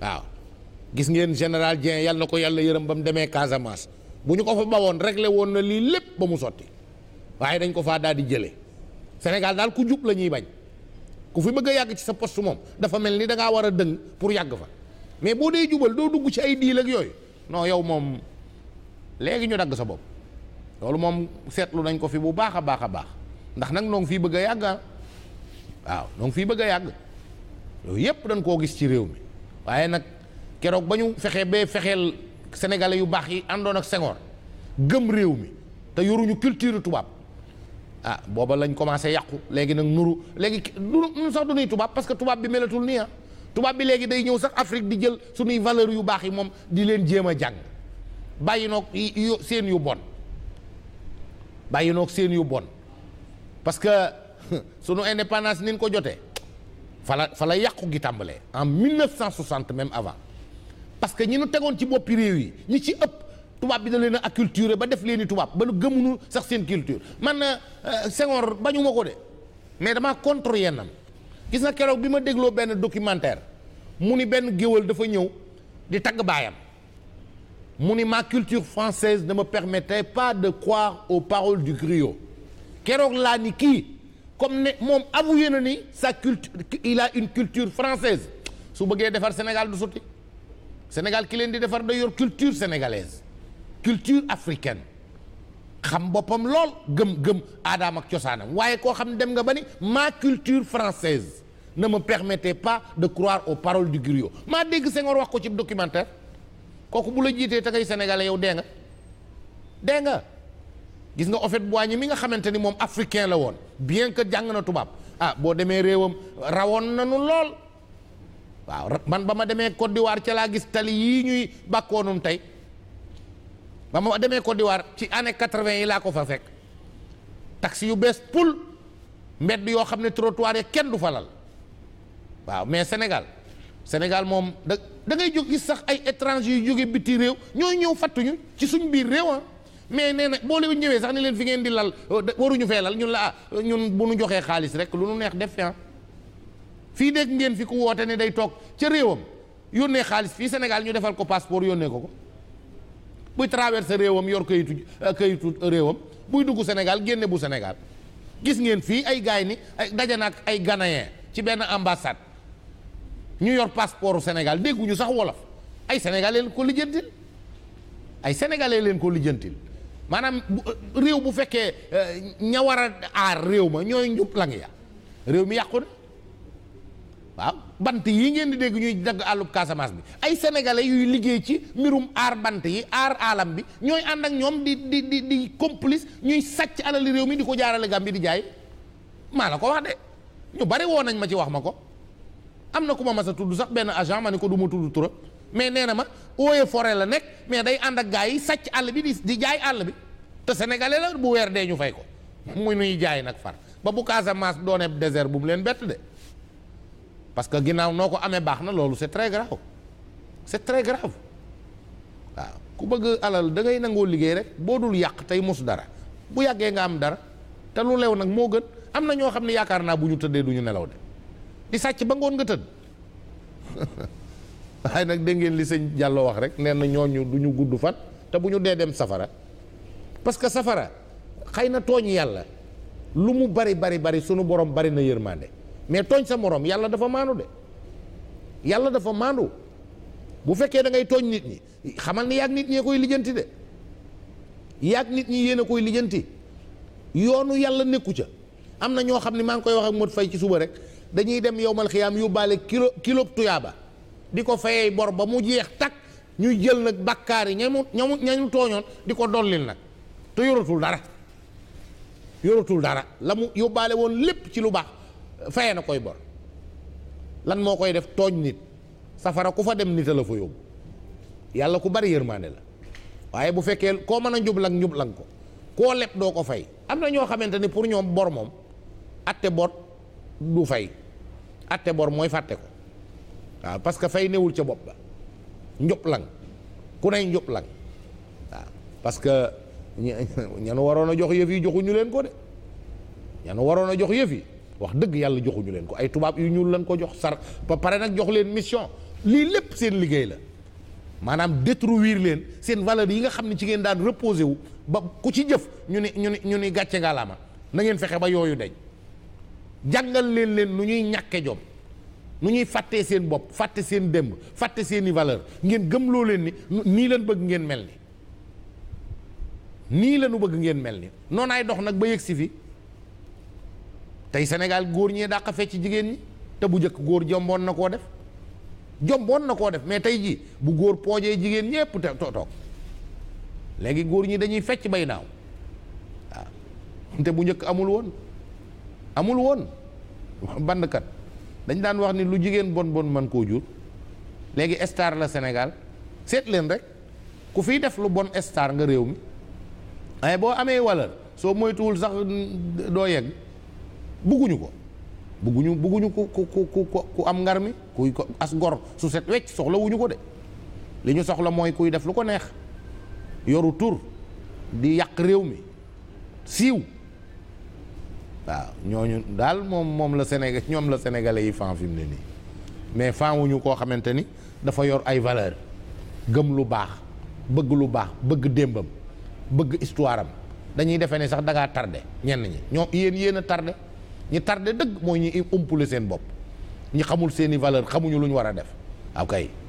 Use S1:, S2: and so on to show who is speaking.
S1: waaw gis ngeen général Dieng yàlla na ko yàlla yërëm ba mu demee Casamance bu ñu ko fa bawoon réglé woon na lii lépp ba mu sotti waaye dañ ko fa daal di jëlee Sénégal daal ku jub la ñuy bañ ku fi bëgg a yàgg ci sa poste moom dafa mel ni da war a dëng pour yàgg fa mais boo dee jubal doo dugg ci ay diil ak yooyu non yow moom léegi ñu dagg sa bopp loolu moom seetlu nañ ko fi bu baax a baax a baax ndax nag noo ngi fii bëgg a yàgg ah. waaw noo fii bëgg yàgg yooyu yépp dañ koo gis ci réew mi. waaye nag keroog ba ñu fexee ba fexeel sénégalais yu baax yi àndoon ak Senghor gëm réew mi te yoruñu culture tubaab a ah booba lañ commencé yàqu léegi nag nuru léegi du sax du nuy tubaab parce que tubaab bi melatul nii ah tubaab bi léegi day ñëw sax Afrique di jël suñuy valeur yu baax yi moom di leen jéem a jàng bàyyi noog seen yu bon bàyyi noog seen yu bon parce que sunu indépendance nin ko jotee fa la fa la yàqu gi tàmbalee en 1960 même avant parce que ñi nu tegoon ci boppi réew yi ñi ci ëpp tubaab bi da leen ak acculturé ba def leen i tubaab ba nu gëmunu sax seen culture man euh, euh, Senghor bañu ma ko de mais damaa contre yennam gis na keroog bi ma dégloo benn documentaire mu ni benn géwal dafa ñëw di tagg baayam mu ni ma culture française ne me permettait pas de croire au paroles du griot keroog laa ni kii comme ne moom avoué na ni sa culture il a une culture française su bëggee defar Sénégal du sotti Sénégal ki leen di defar da yor culture sénégalaise culture africaine xam boppam lool gëm gëm aadaam ak cosaanam waaye koo xam dem nga ba ni maa culture française na ma permettait pas de croire aux paroles du griot maa dégg Senghor wax ko ci documentaire kooku bu la jiitee te ngay sénégalais yow dee nga dee nga gis nga bu boigny mi nga xamante ni moom africain la woon bien que jàng na tubaab ah boo demee réewam rawoon na lool waaw man ba ma demee Côte ca laa gis tali yii ñuy bàkkoonum tey ba ma demee Côte ci année quatre-vingt yi laa ko fa fekk taxi yu bees pul mbedd yoo xam ne trottoir yi kenn du falal waaw mais Sénégal Sénégal moom da da ngay jóg gis sax ay étrangers yu jóge biti réew ñoo ñëw fattuñu ci suñ biir réew ah. mais nee na boole ñëwee sax ni leen fi ngeen di lal euh, waruñu fee lal ñun la ah ñun bu nu joxee xaalis rek lu nu neex def fi ah fii dégg ngeen fi ku woote ne day toog ca réewam yónnee xaalis fii Sénégal ñu defal ko passeport yónnee ko ko buy traversé réewam yor kayitu euh, kayitu réewam buy dugg Sénégal génne bu Sénégal gis ngeen fii ay gaay ni ay daje na ay Ghanéen ci benn ambassade ñu yor passeport Sénégal dégguñu sax wolof ay sénégalais ko lijjantil ay sénégalais leen ko lijjantil maanaam euh, réew bu fekkee euh, ña war aar réew ma ñooy njub lang ya réew mi yàqu na waaw bant yi ngeen di dégg ñuy dagg àllub Casamance bi ay sénégalais yuy liggéey ci mbirum aar bant yi aar aalam bi ñooy ànd ak ñoom di di di di complice ñuy sàcc alali réew mi di ko jaarale Gàmbi di jaay maa la ko wax de ñu bari woo nañ ma ci wax ma ko am na ku ma masa a tudd sax benn agent ma ne ko du ma tudd trop mais nee na ma ooye forêt la nekk mais day ànd ak gars yi sàcc àll bi di di jaay àll bi te sénégalais la bu weer dee ñu fay ko mu nuy jaay nag far ba bu Casamance doonee désert bu mu leen bett de parce que ginnaaw noo ko amee baax na loolu c'est très grave c'est très grave waaw ku bëgg alal da ngay nangoo liggéey rek boo dul yàq tey mos dara bu yàggee nga am dara te lu lew nag moo gën am na ñoo xam ne yaakaar naa bu ñu tëddee du ñu nelaw de di sàcc ba ngoon nga tëdd waaye nag dégg ngeen li sëñ jàlloo wax rek neen na ñooñu du ñu gudd fan te bu ñu dee dem safara parce que safara xëy na tooñ yàlla lu mu bari bari bari sunu borom bari na yërmande mais tooñ sa morom yàlla dafa maandu de yàlla dafa maandu bu fekkee da ngay tooñ nit ñi xamal ni yaag nit ñee koy lijjanti de yaag nit ñi yéen a koy lijjanti yoonu yàlla nekku ca am na ñoo xam ne maa ngi koy wax ak Modou Faye ci suba rek dañuy dem yowmal yu baale kilo kilo tuyaaba di ko fayee bor ba mu jeex takk ñuy jël nag bàkkaar yi ñamu ñamu ñamu tooñoon di ko dollil nag te yoratul dara yoratul dara la mu yóbbaale woon lépp ci lu baax fayee na koy bor lan moo koy def tooñ nit safara ku fa dem nit la fa yóbbu yàlla ku bari yërmaande la waaye bu fekkee koo mën a njublang njublang ko koo leb doo ko fay am na ñoo xamante ni pour ñoom bor moom atte bor du fay atte bor mooy fàtte ko waaw parce que fay newul ca bopp ba njub lang ku nay njub lang waaw parce que ñanu waroon a jox yëf yi joxuñu leen ko de ñanu waroon a jox yëf wax dëgg yàlla joxuñu leen ko ay tubaab yu ñuul lañ ko jox sar pa pare nag jox leen mission lii lépp seen liggéey la maanaam détruire leen seen valeur yi nga xam ne ci ngeen daan reposé wu ba ku ci jëf ñu ni ñu ni ñu ni gàcce ngalaama nangeen fexe ba yooyu deñ jàngal leen leen nu ñuy ñàkke jom nu ñuy fàttee seen bopp fàtte seen démb fàtte seeni valeur ngeen gëm loo leen ni nii leen bëgg ngeen mel ni nii lañu bëgg ngeen mel ni noonaay dox nag ba yëg si fi tey senegal góor ñee dàq fecc jigéen ñi te bu njëkk góor jomboon na koo def jomboon na koo def mais tey jii bu góor poojee jigéen ñépp te toog léegi góor ñi dañuy fecc bay naaw waaw te bu njëkk amul woon amul woon bandkat dañ daan wax ni lu jigéen bon bon man koo jur léegi star la Sénégal seet leen rek ku fiy def lu bon star nga réew mi waaye boo amee valeur soo moytuwul sax doo yegg bugguñu ko bugguñu bugguñu ku ku ku ku am ngar mi kuy ko as gor su set wecc soxlawuñu ko de li ñu soxla mooy kuy def lu ko neex yoru tur di yàq réew mi siiw waaw ñooñu daal moom moom la Sénégal ñoom la sénégalais yi fan fi mu ne nii mais fan koo xamante ni dafa yor ay valeur gëm lu baax bëgg lu baax bëgg démbam bëgg histoire am dañuy defee ne sax dangaa tardé ñenn ñi ñoom yéen yéen a tardé ñi tardé dëgg mooy ñi umpule seen bopp ñi xamul seeni valeur xamuñu lu ñu war a def waaw kay